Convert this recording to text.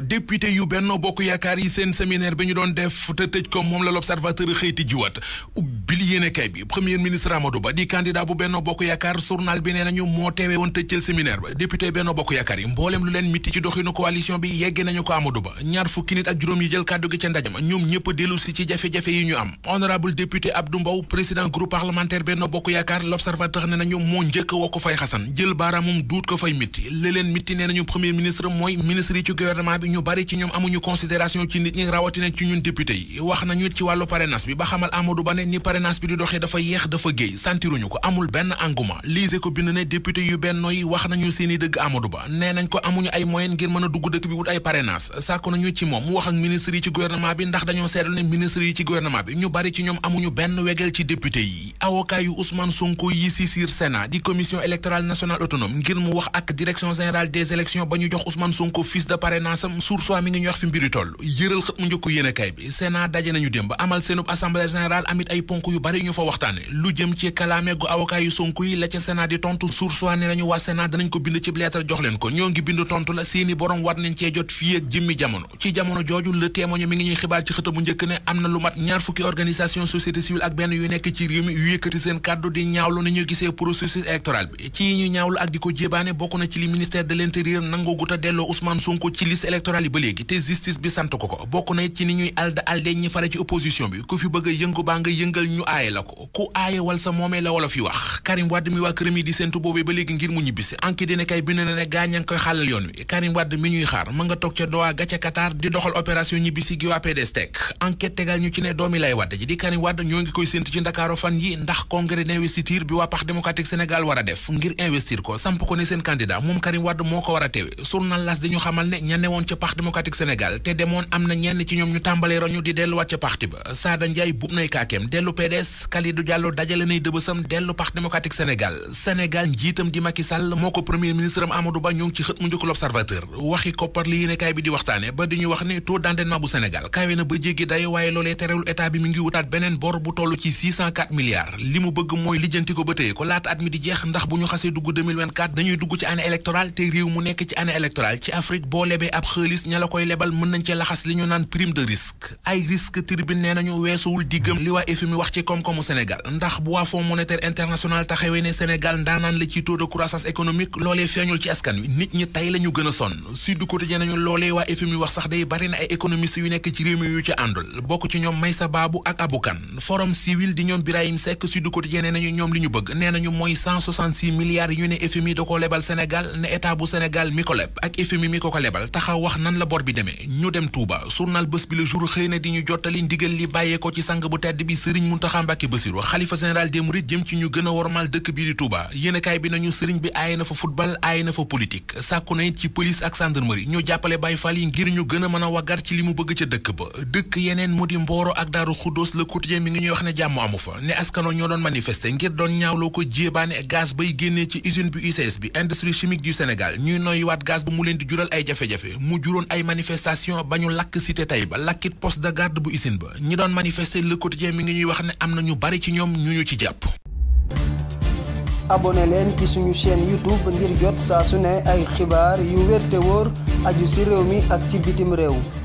député yu Benno Bokk Yaakaar yi seen séminaire bi ñu doon def te tëj ko moom la l'observateur xëyti jiwaat ubbil yéene kay bi premier ministre Amadou Ba di candidat bu Benno Bokk Yaakaar journal bi nee nañu moo teewee woon tëjcal séminaire ba député Benno Bokk Yaakaar yi mbooleem lu leen mitti ci doxinu coalition bi yeggee nañu ko Amadou Ba ñaar fukki nit ak juróom yi jël kàddu gi ca ndajama ñoom ñëpp dellu ci jafe-jafe yi ñu am honorable bi ñu bari ci ñoom amuñu considération ci nit ñi rawatina ci ñun député yi wax nañu ci wàllu parrainage bi ba xamal Amadou Ba ne ni parrainage bi di doxee dafa yeex dafa géey santiruñu ko amul benn engouement liise ko bind ne député yu benno yi wax nañu seeni dëgg Amadou Ba nee nañ ko amuñu ay moyen ngir mën a dëkk bi wut ay parrainage sàkk nañu ci moom mu wax ak ministre yi ci gouvernement bi ndax dañoo seetlu ne ministre yi ci gouvernement bi ñu bari ci ñoom palaasam sursoi mi ngi ñu wax fi mbiri toll yëral xët mu njëkk yéen kaay bi Sénat daje nañu démb amal seenub assemblée générale amit ay ponk yu bari yu ñu fa waxtaane lu jëm ci kalaame gu avocat yu yi la ca Sénat di tontu sursoi ne nañu waa Sénat danañ ko bind ci lettre jox leen ko ñoo ngi bind tontu la seeni borom war nañ cee jot fii ak jamono ci jamono jooju le témoigne mi ngi ñuy xibaar ci xët mu njëkk ne am na lu mat ñaar fukki électoral yi ba léegi te justice bi sant ko ko bokk na ci ni ñuy alda alde ñi fare ci opposition bi ku fi bëgg a yëngu baa nga yëngal ñu aaye la ko ku aaye wal moomee la wala fi wax Karim mi waa këram yi di séntu boobee ba léegi ngir mu ñibbisi enquête dina kay bind na ne gaañ a ngi koy xàllal yoon wi Karim mi ñuy xaar ma nga toog ca Doha ca Qatar di doxal opération ñibbisi gi PDS teg enquête tegal ñu ci ne doomi lay Wade ji di Karim ca parti démocratique Sénégal te demoon am na ñenn ci ñoom ñu tàmbalee roñu di delluwaat ca parti ba Sada Ndiaye buub nay kaakeem dellu PDS Kalidou Diallo dajale nay dëbësam dellu parti démocratique Sénégal Sénégal njiitam di Macky moo ko premier ministre am Amadou Ba ñoo ci xët mu njëkk l'Observateur waxi koppar li yéene kaay bi di waxtaane ba di ñu wax ne taux d'endettement bu Sénégal kawe na ba jéggi dayo waaye loolee terewul état bi mi ngi wutaat at mi xaalis ña la koy lebal mën nañ cee laxas li ñu naan prime de risque ay risque tribune nee nañu weesuwul nit ñi tey la ñu a sonn Sud Quotidien nañu loolee waa FMI wax sax day bari na ay économistes yu nekk ci réew mi yu ci àndul bokk ci ñoom Maysa Babou ak Aboukan forum civil di ñoom Birahim Seck Sud Quotidien nee nañu ñoom li ñu bëgg nee nañu mooy 166 milliards yu ne FMI da ko lebal Sénégal ne état bu Sénégal mi ak FMI mi ko ko lebal taxaw wax nan la bor bi demee ñu dem Touba journal bés bi le jour xëy na di ñu jottali ndigal li bàyyee ko ci sang bu tedd bi Serigne Mountakha Mbacké Bassirou xalifa général des mourides jëm ci ñu gën a wormal dëkk bii di Touba yéenekaay bi nañu Serigne bi aaye na fa football aaye na fa politique sàkku na it ci police ak gendarmerie ñu jàppale Baye Fall yi ngir ñu gën a mën a waggar ci li mu bëgg ca dëkk ba dëkk yeneen mu di Mboro ak Daaru Xuddoos Le Quotidien mi ngi ñuy wax ne jàmm amu fa ne askano ñoo doon manifester ngir doon ñaawloo ko jéebaane gaz bay génnee ci usine bu bi industrie chimique du Sénégal ñuy noyuwaat gaz bu mu leen di jural ay jafe mu juróon ay manifestation ba ñu lakk cité ba lakkit poste de garde bu usine ba ñi doon manifester le quotidien mi ngi ñuy wax ne am na ñu bari ci ñoom ñu ñu ci jàpp abonné leen ci suñu chaîne youtube ngir jot saa su ne ay xibaar yu wér te wóor aju ci réew mi ak ci bitim réew